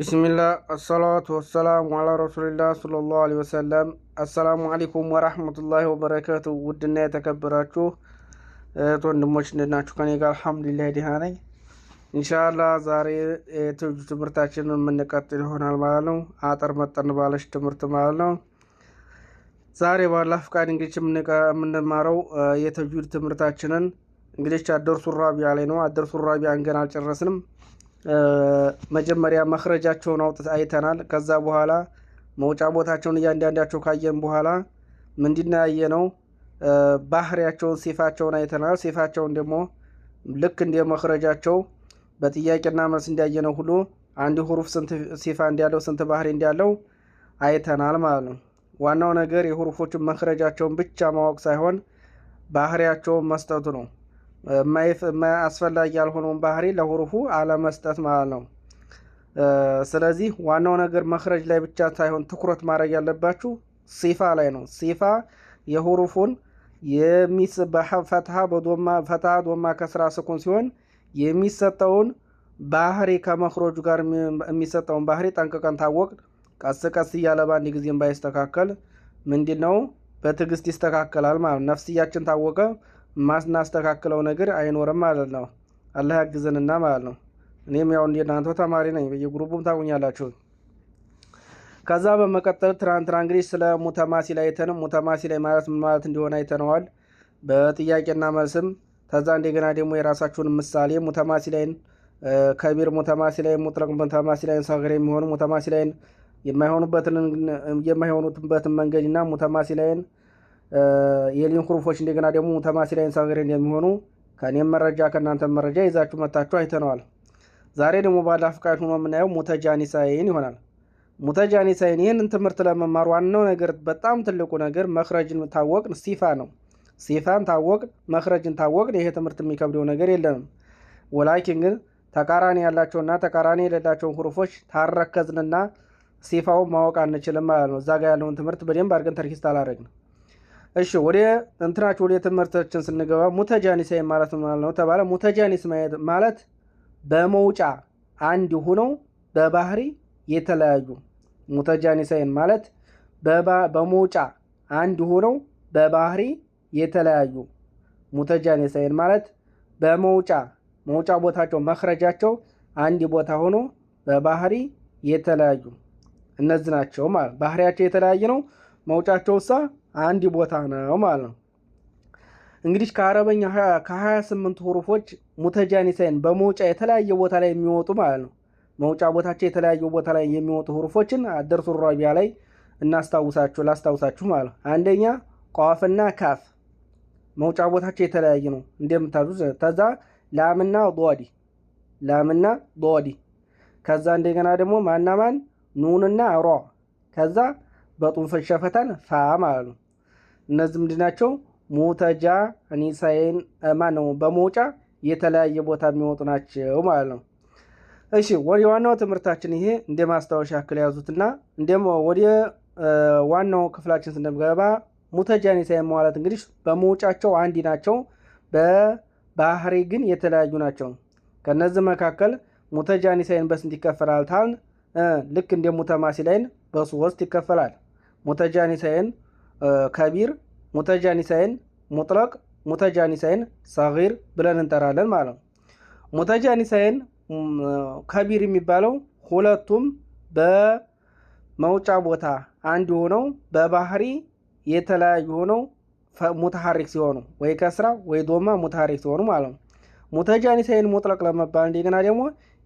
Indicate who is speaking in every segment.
Speaker 1: ቢስሚላህ አሰላቱ ወሰላም አላ ረሱሊላህ ሰለላሁ አለይሂ ወሰለም። አሰላሙ አለይኩም ወራህመቱላሂ ወበረካቱ። ውድና የተከበራችሁ እህት ወንድሞች እንዴት ናችሁ? ከኔ ጋር አልሐምዱሊላህ ደህና ነኝ። ኢንሻአላህ ዛሬ የትውጁ ትምህርታችንን የምንቀጥል ይሆናል ማለት ነው። አጠር መጠን ባለች ትምህርት ማለት ነው። ዛሬ ባላህ ፍቃድ እንግዲህ የምንማረው የተውጁድ ትምህርታችንን እንግዲህ አደርሱ ራቢያ ላይ ነው። አደርሱ ራቢያን ገና አልጨረስንም። መጀመሪያ መክረጃቸውን አውጥተን አይተናል። ከዛ በኋላ መውጫ ቦታቸውን እያንዳንዳቸው ካየን በኋላ ያየ ነው ያየነው? ባህሪያቸውን አይተናል። ሴፋቸውን ደግሞ ልክ እንደ መክረጃቸው በጥያቄና መልስ ነው ሁሉ አንድ ሁሩፍ ስንት ሴፋ እንዳለው ስንት ባህሪ እንዳለው አይተናል ማለት ነው። ዋናው ነገር የሁሩፎችን መክረጃቸውን ብቻ ማወቅ ሳይሆን ባህሪያቸውን መስጠቱ ነው። አስፈላጊ ያልሆነውን ባህሪ ለሁሩፉ አለመስጠት ማለት ነው። ስለዚህ ዋናው ነገር መክረጅ ላይ ብቻ ሳይሆን ትኩረት ማድረግ ያለባችሁ ሲፋ ላይ ነው። ሲፋ የሁሩፉን ፈትሃ በዶማ ፈትሃ ዶማ ከስራ ስኩን ሲሆን የሚሰጠውን ባህሪ ከመክሮጁ ጋር የሚሰጠውን ባህሪ ጠንቅቀን ታወቅ ቀስ ቀስ እያለ በአንድ ጊዜም ባይስተካከል ምንድን ነው በትዕግስት ይስተካከላል ማለት ነው። ነፍስያችን ታወቀ። ማስናስተካክለው ነገር አይኖርም ማለት ነው። አላህ ያግዘንና ማለት ነው። እኔም ያው እንደናንተ ተማሪ ነኝ፣ በየግሩቡም ታጉኛላችሁ። ከዛ በመቀጠል ትናንትና እንግዲህ ስለ ሙተማሲ ላይ አይተንም ሙተማሲ ላይ ማለት ምን ማለት እንደሆነ አይተነዋል በጥያቄና መልስም። ከዛ እንደገና ደግሞ የራሳችሁን ምሳሌ ሙተማሲ ሙተማሲላይን ከቢር ሙተማሲ ሙጥረቅ ሙተማሲ ሙተማሲላይን፣ ሰገር የሚሆኑ ሙተማሲ ሙተማሲላይን የማይሆኑበትን የማይሆኑበትን መንገድና ሙተማሲ ሙተማሲላይን የሊንክ ሩፎች እንደገና ደግሞ ተማሲላ ኢንሳገር እንደሚሆኑ ከእኔም መረጃ ከእናንተ መረጃ ይዛችሁ መታችሁ አይተነዋል። ዛሬ ደግሞ ባለ አፍቃድ ሆኖ የምናየው ሙተጃኒሳይን ይሆናል። ሙተጃኒሳይን ይህንን ትምህርት ለመማር ዋናው ነገር በጣም ትልቁ ነገር መክረጅን ታወቅን ሲፋ ነው። ሲፋን ታወቅ መክረጅን ታወቅን ይሄ ትምህርት የሚከብደው ነገር የለንም። ወላኪን ግን ተቃራኒ ያላቸውና ተቃራኒ የሌላቸውን ሁሩፎች ታረከዝንና ሲፋውን ማወቅ አንችልም ማለት ነው። እዛ ጋ ያለውን ትምህርት በደንብ አድርገን ተርኪስት አላረግን። እሺ ወደ እንትናች ወደ ትምህርታችን ስንገባ ሙተጃኒስ ማለት ማለት ነው ተባለ። ሙተጃኒስ ማለት በመውጫ አንድ ሆነው በባህሪ የተለያዩ ሙተጃኒሳይን ማለት በመውጫ አንድ ሆነው በባህሪ የተለያዩ ሙተጃኒሳይን ማለት በመውጫ መውጫ ቦታቸው መክረጃቸው አንድ ቦታ ሆኖ በባህሪ የተለያዩ እነዚህ ናቸው ማለት ባህሪያቸው የተለያየ ነው። መውጫቸው አንድ ቦታ ነው ማለት ነው። እንግዲህ ከአረበኛ ከሀያ ስምንት ሁሩፎች ሙተጃኒሳይን በመውጫ የተለያየ ቦታ ላይ የሚወጡ ማለት ነው። መውጫ ቦታቸው የተለያየ ቦታ ላይ የሚወጡ ሁሩፎችን አደርሱ ራቢያ ላይ እናስታውሳችሁ ላስታውሳችሁ ማለት ነው። አንደኛ ቋፍና ካፍ መውጫ ቦታቸው የተለያየ ነው እንደምታዙ። ተዛ ላምና ዶዲ ላምና ዶዲ ከዛ እንደገና ደግሞ ማናማን ኑንና ሮ ከዛ በጡንፈሸፈተን ፋ ማለት ነው። እነዚህ ምንድን ናቸው? ሙተጃ ኒሳይን ማ ነው በመውጫ የተለያየ ቦታ የሚወጡ ናቸው ማለት ነው። እሺ ወደ ዋናው ትምህርታችን ይሄ እንደ ማስታወሻ ያክል ያዙትና እንደም ወደ ዋናው ክፍላችን ስንገባ ሙተጃ ኒሳይን ማለት እንግዲህ በመውጫቸው አንድ ናቸው፣ በባህሪ ግን የተለያዩ ናቸው። ከነዚህ መካከል ሙተጃ ኒሳይን በስንት ይከፈላል ታን ልክ እንደ ሙተማሲላይን በሶስት ይከፈላል። ሙተጃ ኒሳይን ከቢር ሙተጃኒሳይን ሙጥለቅ ሙተጃኒሳይን ሰጊር ብለን እንጠራለን ማለት ነው። ሙተጃኒሳይን ከቢር የሚባለው ሁለቱም በመውጫ ቦታ አንድ ሆነው በባህሪ የተለያዩ ሆነው ሙተሐሪክ ሲሆኑ ወይ ከስራ ወይ ዶማ ሙተሐሪክ ሲሆኑ ማለት ነው። ሙተጃኒሳይን ሙጥለቅ ለመባል እንደገና ደግሞ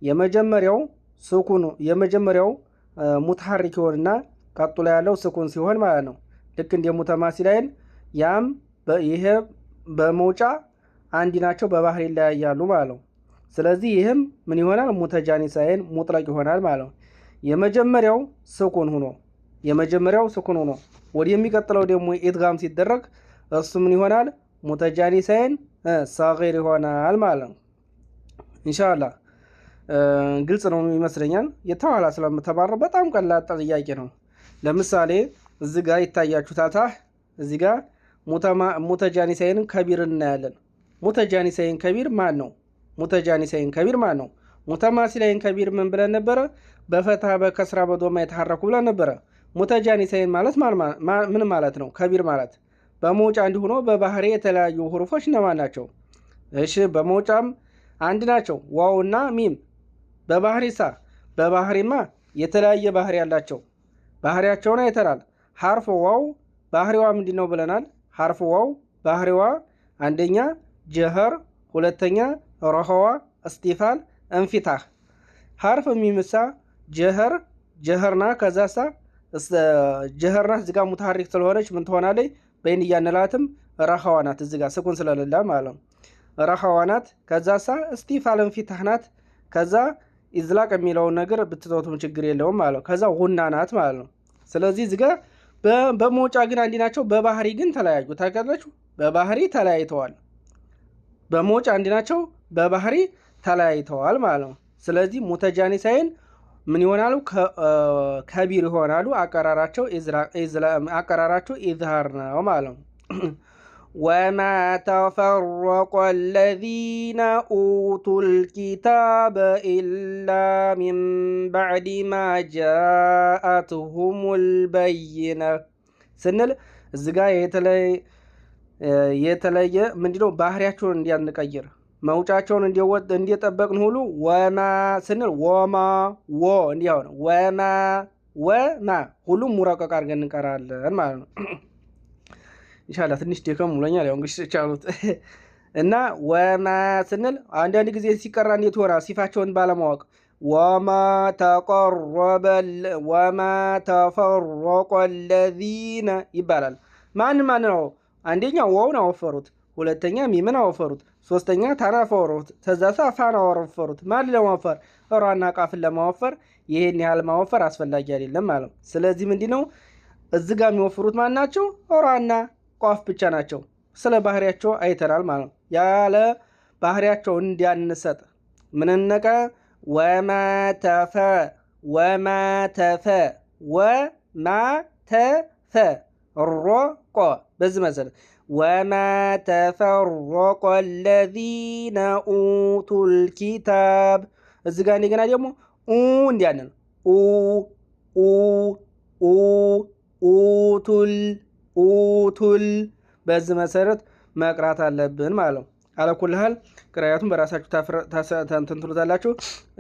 Speaker 1: የመጀመሪያው ስኩኑ የመጀመሪያው ሙተሐሪክ ይሆንና ቀጥሎ ያለው ስኩን ሲሆን ማለት ነው። ልክ እንደ ሙተማሲላይን ያም ይሄ በመውጫ አንድ ናቸው፣ በባህር ይለያያሉ ማለት ነው። ስለዚህ ይህም ምን ይሆናል? ሙተጃኒሳይን ሙጥለቅ ይሆናል ማለት ነው። የመጀመሪያው ስኩን ሁኖ የመጀመሪያው ስኩን ሁኖ ወደሚቀጥለው ደግሞ ኢድጋም ሲደረግ እሱ ምን ይሆናል? ሙተጃኒሳይን ሳቂር ይሆናል ማለት ነው። እንሻላ ግልጽ ነው ይመስለኛል። የተኋላ ስለምተባረው በጣም ቀላል ጥያቄ ነው። ለምሳሌ እዚህ ጋር ታታ እዚ ጋር ሙተጃኒሳይን ከቢር እናያለን። ሙተጃኒሳይን ከቢር ማን ነው? ሙተጃኒሳይን ከቢር ማን ነው? ሙተማሲላይን ከቢር ምን ብለን ነበረ? በፈታ በከስራ በዶማ የተሐረኩ ብለን ነበረ። ሙተጃኒሳይን ማለት ምን ማለት ነው? ከቢር ማለት በመውጫ ሆኖ በባህሪ የተለያዩ ሁሩፎች እነማን ናቸው? እሺ በመውጫም አንድ ናቸው፣ ዋውና ሚም። በባህሪ ሳ በባህሪማ የተለያየ ባህሪ ያላቸው ባህሪያቸውን አይተናል። ሐርፍ ዋው ባህሪዋ ምንድን ነው ብለናል? ሐርፍ ዋው ባህሪዋ አንደኛ ጀኸር፣ ሁለተኛ ረኸዋ እስጢፋል እንፊታህ። ሐርፍ የሚምሳ ጀኸር ጀኸርና ከዛሳ ጀኸርና እዚጋ ሙታሪክ ስለሆነች ምን ትሆናለች? በይን እያንላትም ረኸዋ ናት እዚጋ ስኩን ስለሌለ ማለት ነው። ረኸዋ ናት። ከዛሳ እስጢፋል እንፊታህ ናት። ከዛ ኢዝላቅ የሚለውን ነገር ብትተውትም ችግር የለውም ማለት ነው። ከዛ ሁና ናት ማለት ነው። ስለዚህ እዚጋ በመውጫ ግን አንድ ናቸው፣ በባህሪ ግን ተለያዩ። ታውቃላችሁ፣ በባህሪ ተለያይተዋል። በመውጫ አንድ ናቸው፣ በባህሪ ተለያይተዋል ማለት ነው። ስለዚህ ሙተጃኒሳይን ምን ይሆናሉ? ከቢር ይሆናሉ። አቀራራቸው አቀራራቸው ኢዝሃር ነው ማለት ነው። وما تفرق الذين أوتوا الكتاب إلا من بعد ما جاءتهم البينة سنل الزقاء يتلي የተለየ ምንድነው ባህሪያቸውን እንዲያንቀይር መውጫቸውን እንዲወጥ እንዲጠበቅን ሁሉ ወማ ስንል ወማ ወ እንዲያው ነው። ወማ ወማ ሁሉም ሙረቀቅ አድርገን እንቀራለን ማለት ነው። ኢንሻላህ ትንሽ ደከም ብሎኛል። ያው እንግዲህ ቻሉት እና ወማ ስንል አንዳንድ ጊዜ ሲቀራ እንዴት ወራ ሲፋቸውን ባለማወቅ ወማ ተቆረበ ወማ ተፈረቀ ለዚነ ይባላል። ማን ማን ነው? አንደኛ ወውን አወፈሩት፣ ሁለተኛ ሚምን አወፈሩት፣ ሶስተኛ ታን አወፈሩት፣ ተዛሳ ፋን አወፈሩት። ማን ለማወፈር ራና ቃፍን ለማወፈር ይሄን ያህል ማወፈር አስፈላጊ አይደለም ማለት ነው። ስለዚህ ምንድነው እዚ ጋር የሚወፍሩት ማን ናቸው? ራና ቋፍ ብቻ ናቸው። ስለ ባህሪያቸው አይተናል ማለት ነው። ያለ ባህሪያቸው እንዲያንሰጥ ምንነቀ ወማተፈ ወማተፈ ወማተፈ ሮቆ በዚህ መሰረት ወማተፈሮቆ ለዚነ ኡቱል ልኪታብ እዚ ጋ እንደገና ደግሞ ኡ እንዲያንን ኡ ኡ ኡ ኡቱል ኡቱል በዚህ መሰረት መቅራት አለብን ማለት ነው። አለኩልሃል ቅራያቱን በራሳችሁ ተንትን ትሉታላችሁ።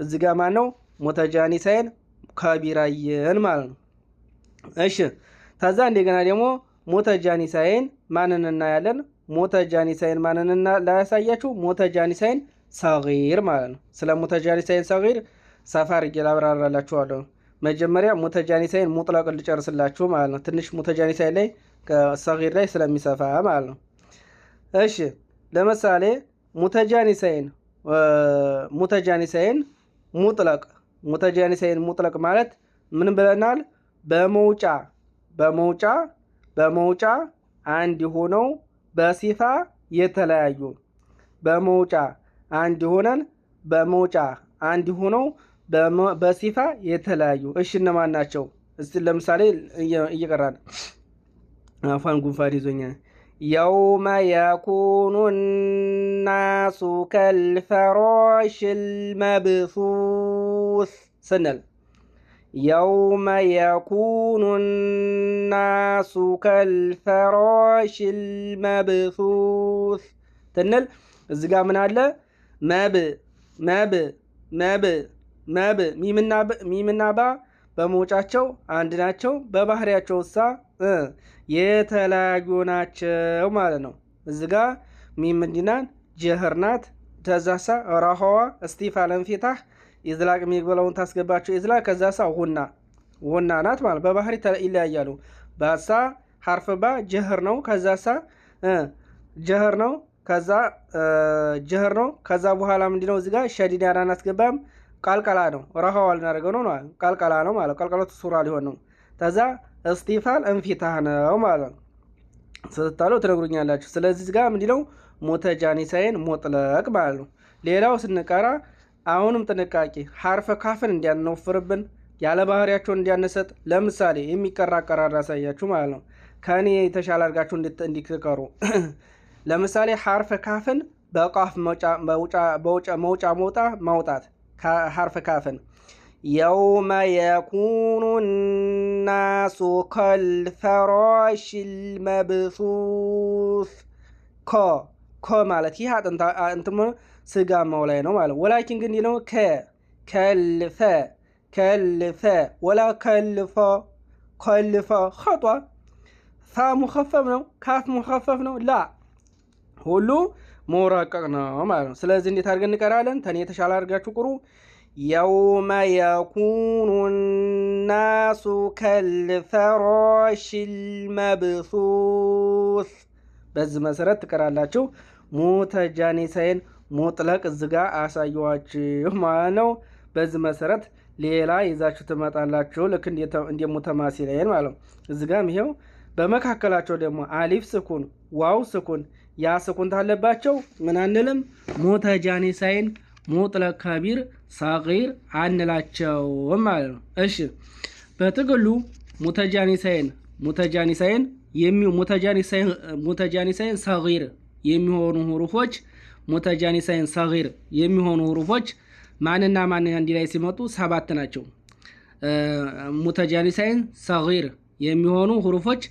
Speaker 1: እዚ ጋ ማን ነው ሞተጃኒ ሳይን ከቢራየን ማለት ነው። እሺ ተዛ እንደገና ደግሞ ሞተጃኒ ሳይን ማንን እናያለን? ሞተጃኒ ሳይን ማንን ላያሳያችሁ? ሞተጃኒ ሳይን ሰጊር ማለት ነው። ስለ ሙተጃኒሳይን ሳይን ሰጊር ሰፋ አድርጌ ላብራራላችኋለሁ። መጀመሪያ ሞተጃኒ ሳይን ሙጥለቅ ልጨርስላችሁ ማለት ነው። ትንሽ ሞተጃኒ ሳይን ላይ ከሰጊር ላይ ስለሚሰፋ ማለት ነው። እሺ ለምሳሌ ሙተጃኒሰይን ሙተጃኒሰይን ሙጥለቅ ሙተጃኒሰይን ሙጥለቅ ማለት ምን ብለናል? በመውጫ በመውጫ በመውጫ አንድ ሆነው በሲፋ የተለያዩ በመውጫ አንድ ሆነን በመውጫ አንድ ሆነው በሲፋ የተለያዩ። እሺ እነማን ናቸው? እስቲ ለምሳሌ እየቀራን አፏን ጉንፋን ይዞኛል። የውመ የኩኑ ናሱ ከልፈሮሽ ልመብሱስ ስንል የውመ የኩኑ ናሱ ከልፈሮሽ ልመብሱስ ትንል እዚ ጋ ምን አለ? መብ መብ መብ መብ ሚምና ባ በመውጫቸው አንድ ናቸው። በባህሪያቸው እሳ የተለያዩ ናቸው ማለት ነው። እዚ ጋ ሚምዲናን ጀህርናት ተዛሳ ራኸዋ እስቲፋ ለንፊታህ ኢዝላቅ የሚበለውን ታስገባቸው ኢዝላ ከዛሳ ሁና ሁና ናት ማለት በባህሪ ይለያያሉ። ባሳ ሐርፍ ባ ጀህር ነው። ከዛሳ ጀህር ነው። ከዛ ጀህር ነው። ከዛ በኋላ ምንድ ነው እዚጋ ሸዲድ ያና እናስገባም ቃልቀላ ነው። ረሃዋ ልናደርገው ነው ቃልቀላ ነው ማለት ቃልቀሎቱ ሱራ ሊሆን ነው ተዛ እስጢፋን እንፊታህ ነው ማለት ነው። ስትታሉ ትነግሩኛላችሁ። ስለዚህ ጋር ምንድነው ጃኒሳይን ሞጥለቅ ማለት ነው። ሌላው ስንቀራ አሁንም ጥንቃቄ ሀርፈ ካፍን እንዲያነወፍርብን ያለ ባህሪያቸውን እንዲያነሰጥ። ለምሳሌ የሚቀራ አቀራር ያሳያችሁ ማለት ነው። ከእኔ የተሻለ አድርጋችሁ እንዲትቀሩ። ለምሳሌ ሀርፈ ካፍን በቋፍ መውጫ መውጣ ማውጣት ሀርፈ ካፍን يوم يكون الناس كالفراش المبثوث ከ ከ ማለት ይህ እንትም ስጋማው ላይ ነው ማለት ወላኪን ግን ይለው ከ ከልፈ ከልፈ ወላ ከልፈ ከልፈ ኸጧ ሳ ሙኸፈፍ ነው ካፍ ሙኸፈፍ ነው ላ ሁሉ መራቀቅ ነው ማለት ነው። ስለዚህ እንዴት አድርገን እንቀራለን? ተኔ የተሻለ አድርጋችሁ ቁሩ። يوم يكون الناس كالفراش المبثوث በዚህ መሰረት ትቀራላችሁ። ሙተጃኒሰይን ሙጥለቅ እዚጋ አሳየዋችሁ ማለት ነው። በዚህ መሰረት ሌላ ይዛችሁ ትመጣላችሁ። ልክ እንደ ሙተማሲለይን ማለት ነው። እዚጋም ይሄው በመካከላቸው ደግሞ አሊፍ ስኩን፣ ዋው ስኩን፣ ያ ስኩን ታለባቸው ምን አንልም ሙተጃኒሰይን ሙጥለቅ፣ ከቢር፣ ሰቂር አንላቸውም ማለት ነው። እሺ በጥቅሉ ሙተጃኒሳይን ሙተጃኒሳይን ሙተጃኒሳይን ሰቂር የሚሆኑ ሁሩፎች ሙተጃኒሳይን ሰቂር የሚሆኑ ሁሩፎች ማንና ማን አንድ ላይ ሲመጡ ሰባት ናቸው። ሙተጃኒሳይን ሰቂር የሚሆኑ ሁሩፎች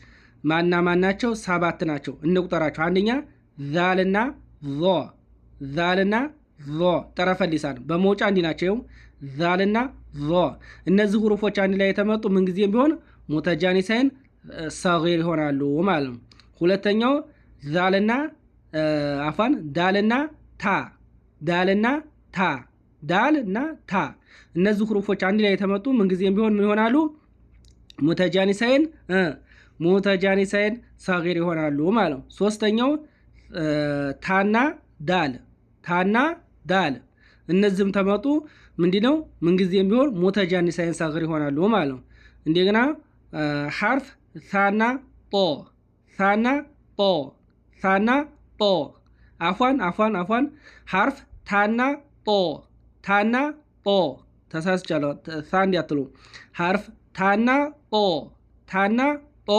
Speaker 1: ማና ማን ናቸው? ሰባት ናቸው። እንቁጠራቸው። አንደኛ ዛልና ዞ ዛልና ዞ ጠረፈ ሊሳን በመውጫ እንዲ ናቸው ዛልና ዞ። እነዚህ ሁሩፎች አንድ ላይ የተመጡ ምንጊዜም ቢሆን ሙተጃኒሳይን ሰር ይሆናሉ ማለት ነው። ሁለተኛው ዛልና አፋን ዳልና ታ ዳልና ታ ዳልና ታ። እነዚህ ሁሩፎች አንድ ላይ የተመጡ ምንጊዜም ቢሆን ምን ይሆናሉ? ሙተጃኒሳይን ሙተጃኒሳይን ሰር ይሆናሉ ማለት ነው። ሶስተኛው ታና ዳል ታና ዳል እነዚህም ተመጡ ምንድ ነው ምንጊዜም ቢሆን ሞተጃኒ ሳይንስ አገር ይሆናሉ ማለት ነው። እንደገና ሐርፍ ሳና ጦ ሳና ጦ ሳና ጦ አፏን አፏን አፏን ሐርፍ ታና ጦ ታና ጦ ተሳስቻለሁ። ሳ እንዲያትሉ ሐርፍ ታና ጦ ታና ጦ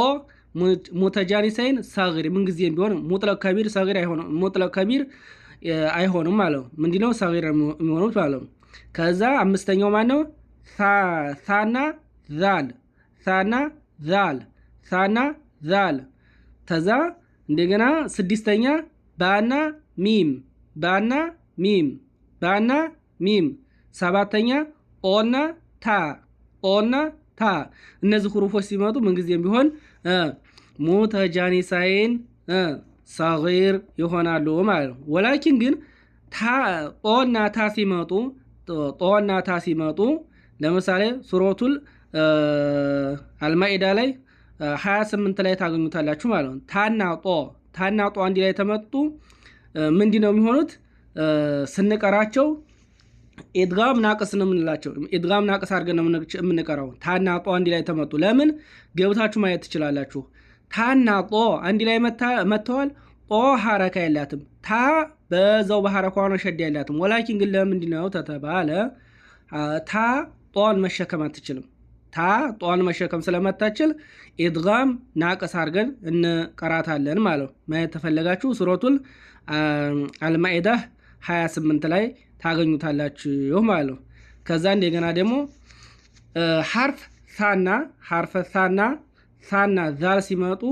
Speaker 1: ሙተጃኒሳይን ሳይን ሳግር ምንጊዜም ቢሆን ሙጥለቅ ከቢር ሳግር አይሆነ ሙጥለቅ ከቢር አይሆኑም ማለት ነው። ምንድነው ሰጊር የሚሆኑት አለው ከዛ አምስተኛው ማን ነው? ሳና ዛል ሳና ዛል ሳና ዛል። ተዛ እንደገና ስድስተኛ ባና ሚም ባና ሚም ባና ሚም። ሰባተኛ ኦና ታ ኦና ታ። እነዚህ ሁሩፎች ሲመጡ ምንጊዜም ቢሆን ሙተጃኒሳይን ሰጊር ይሆናሉ ማለት ነው። ወላኪን ግን ጦና ታ ሲመጡ ጦና ታ ሲመጡ ለምሳሌ ሱረቱል አልማኢዳ ላይ 28 ላይ ታገኙታላችሁ ማለት ነው። ታና ጦ ታና ጦ አንድ ላይ ተመጡ ምንድ ነው የሚሆኑት? ስንቀራቸው ኢድጋም ናቅስ ነው የምንላቸው። ኢድጋም ናቅስ አድርገን የምንቀራው ታና ጦ አንድ ላይ ተመጡ። ለምን ገብታችሁ ማየት ትችላላችሁ። ታና ጦ አንድ ላይ መጥተዋል። ጦ ሐረካ የላትም። ታ በዛው በሐረኳ ነው፣ ሸድ የላትም። ወላኪን ግን ለምንድን ነው ተተባለ ታ ጦን መሸከም አትችልም። ታ ጦን መሸከም ስለማታችል ኢድጋም ናቀስ አድርገን እንቀራታለን ማለት ነው። ማየት ተፈለጋችሁ ሱረቱል አልማኢዳ 28 ላይ ታገኙታላችሁ ማለት ነው። ከዛ እንደገና ደግሞ ሐርፍ ሳና ሐርፈ ሳና ሳና ዛል ሲመጡ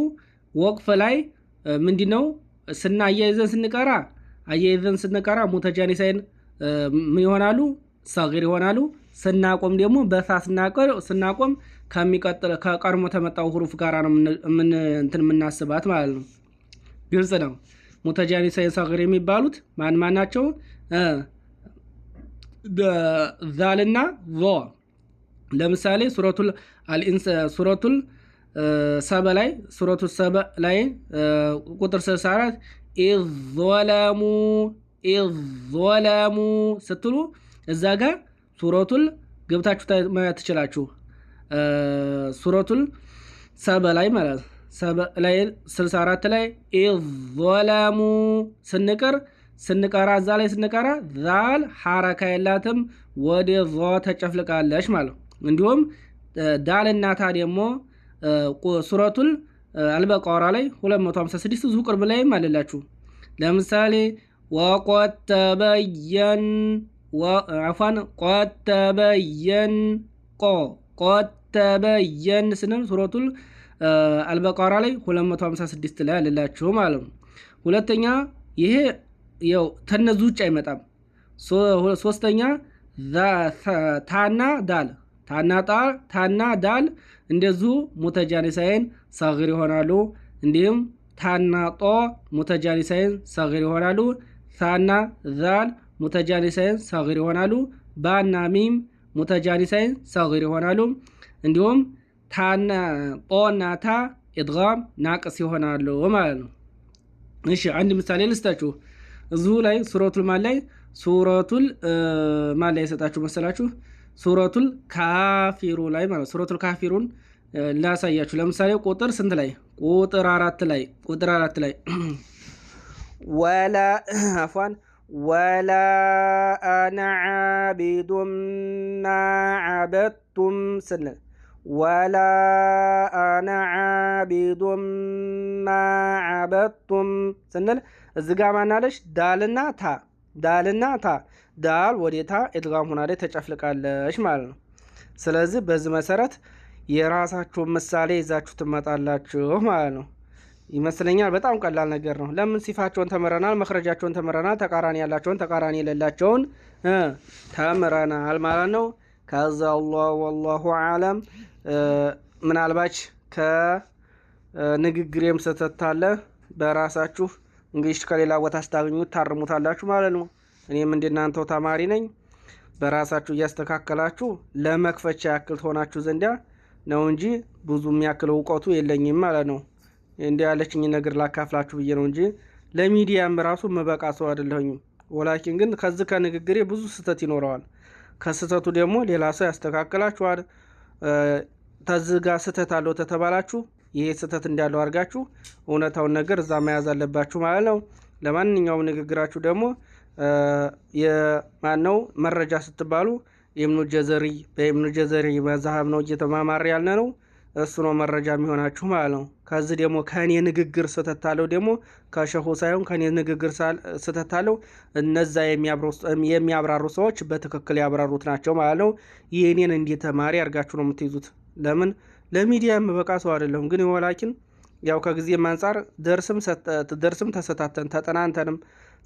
Speaker 1: ወቅፍ ላይ ምንድ ነው ስና አያይዘን ስንቀራ አያይዘን ስንቀራ ሙተጃኒሳይን ምን ይሆናሉ? ሰጊር ይሆናሉ። ስናቆም ደግሞ በሳ ስናቆም ከሚቀጥል ከቀድሞ ተመጣው ሁሩፍ ጋራ ነው እንትን የምናስባት ማለት ነው። ግልጽ ነው። ሙተጃኒሳይን ሰጊር የሚባሉት ማን ማን ናቸው? ዛልና ዞ ለምሳሌ ሱረቱል ሰበ ላይ ሱረቱ ሰበ ላይ ቁጥር 64 ኢዘለሙ ኢዘለሙ ስትሉ እዛ ጋር ሱረቱል ገብታችሁ ማየት ትችላችሁ። ሱረቱል ሰበ ላይ ማለት ሰበ ላይ 64 ላይ ኢዘለሙ ስንቅር ስንቀራ እዛ ላይ ስንቀራ ዛል ሐረካ የላትም ወደ ዞ ተጨፍልቃለች ማለት እንዲሁም ዳልና ታ ደግሞ ሱረቱል አልበቃራ ላይ 256 ዙ ቅርብ ላይም አለላችሁ። ለምሳሌ ወቆድ ተበየን አፏን ቆድ ተበየን ቆ ቆድ ተበየን ስንል ሱረቱል አልበቃራ ላይ 256 ላይ አለላችሁ ማለት ነው። ሁለተኛ ይሄ ያው ተነዙ ውጭ አይመጣም። ሶስተኛ ታና ዳል ታናጣ ታና ዳል እንደዚሁ ሙተጃኒሳይን ሰግር ይሆናሉ። እንዲሁም ታናጦ ሙተጃኒሳይን ሰግር ይሆናሉ። ታና ዛል ሙተጃኒሳይን ሰግር ይሆናሉ። ባና ሚም ሙተጃኒሳይን ሰግር ይሆናሉ። እንዲሁም ታና ጦና ታ ኢድጋም ናቅስ ይሆናሉ ማለት ነው። እሺ አንድ ምሳሌ ልስታችሁ። እዚሁ ላይ ሱረቱል ማን ላይ ሱረቱል ማን ላይ የሰጣችሁ መሰላችሁ? ሱረቱል ካፊሩ ላይ ማለት ሱረቱል ካፊሩን ላሳያችሁ። ለምሳሌ ቁጥር ስንት ላይ ቁጥር አራት ላይ ቁጥር አራት ላይ ወላ አፏን ወላ አና ዓቢዱ ማ ዓበድቱም ስንል ወላ አና ዓቢዱ ማ ዓበድቱም ስንል እዚ ጋ ማናለሽ ዳልና ታ ዳልና ታ ዳል ወዴታ ኢድጋም ሆና ላይ ተጨፍልቃለች ማለት ነው። ስለዚህ በዚህ መሰረት የራሳችሁን ምሳሌ ይዛችሁ ትመጣላችሁ ማለት ነው። ይመስለኛል በጣም ቀላል ነገር ነው። ለምን ሲፋቸውን ተምረናል፣ መክረጃቸውን ተምረናል፣ ተቃራኒ ያላቸውን ተቃራኒ የሌላቸውን ተምረናል ማለት ነው። ከዛ ወላሁ አለም ምናልባች ከንግግሬም ስህተት አለ። በራሳችሁ እንግዲህ ከሌላ ቦታ ስታገኙት ታርሙታላችሁ ማለት ነው። እኔም እንደናንተው ተማሪ ነኝ። በራሳችሁ እያስተካከላችሁ ለመክፈቻ ያክል ትሆናችሁ ዘንዳ ነው እንጂ ብዙ የሚያክል እውቀቱ የለኝም ማለት ነው። እንዲ ያለችኝ ነገር ላካፍላችሁ ብዬ ነው እንጂ ለሚዲያም ራሱ መበቃ ሰው አይደለሁኝም። ወላኪን ግን ከዚህ ከንግግሬ ብዙ ስህተት ይኖረዋል። ከስህተቱ ደግሞ ሌላ ሰው ያስተካክላችኋል። ተዝጋ ስህተት አለው ተተባላችሁ ይሄ ስህተት እንዳለው አድርጋችሁ እውነታውን ነገር እዛ መያዝ አለባችሁ ማለት ነው። ለማንኛውም ንግግራችሁ ደግሞ ነው መረጃ ስትባሉ የኢብኑ ጀዘሪ በኢብኑ ጀዘሪ መዛሀብ ነው እየተማማር ያለ ነው። እሱ ነው መረጃ የሚሆናችሁ ማለት ነው። ከዚህ ደግሞ ከእኔ ንግግር ስተታለው ደግሞ ከሸሁ ሳይሆን ከእኔ ንግግር ስተታለው አለው። እነዛ የሚያብራሩ ሰዎች በትክክል ያብራሩት ናቸው ማለት ነው። ይህኔን እንዲህ ተማሪ አድርጋችሁ ነው የምትይዙት። ለምን ለሚዲያ የምበቃ ሰው አይደለሁም፣ ግን የወላኪን ያው ከጊዜም አንጻር ደርስም ተሰታተን ተጠናንተንም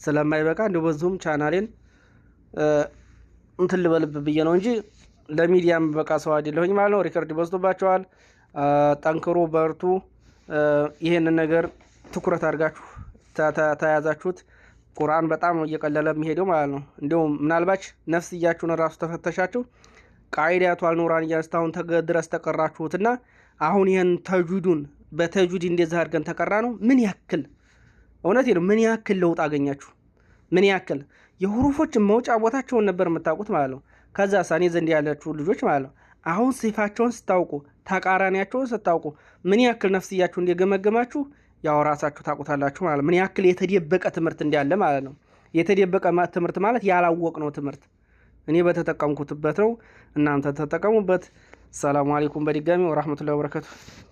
Speaker 1: ስለማይበቃ እንደበዙም ቻናሌን እንትን ልበልብ ብዬ ነው እንጂ ለሚዲያም በቃ ሰው አይደለሁኝ ማለት ነው። ሪከርድ ይበዝቶባቸዋል። ጠንክሮ በርቱ። ይህንን ነገር ትኩረት አድርጋችሁ ተያዛችሁት። ቁርአን በጣም እየቀለለ የሚሄደው ማለት ነው። እንዲሁም ምናልባች ነፍስያችሁን ራሱ ተፈተሻችሁ ቃይዳቱ አልኖራን እያስታሁን ድረስ ተቀራችሁትና አሁን ይህን ተጁዱን በተጁድ እንደዚህ አድርገን ተቀራ ነው ምን ያክል እውነት ነው። ምን ያክል ለውጥ አገኛችሁ? ምን ያክል የሁሩፎች መውጫ ቦታቸውን ነበር የምታውቁት ማለት ነው። ከዛ ሳኔ ዘንድ ያላችሁ ልጆች ማለት ነው አሁን ሲፋቸውን ስታውቁ፣ ተቃራኒያቸውን ስታውቁ ምን ያክል ነፍስያችሁ እንደገመገማችሁ ያው ራሳችሁ ታውቁታላችሁ ማለት ምን ያክል የተደበቀ ትምህርት እንዳለ ማለት ነው። የተደበቀ ትምህርት ማለት ያላወቅ ነው ትምህርት። እኔ በተጠቀምኩትበት ነው፣ እናንተ ተጠቀሙበት። ሰላሙ አሌይኩም በድጋሚ ወራህመቱላሂ ወበረከቱ።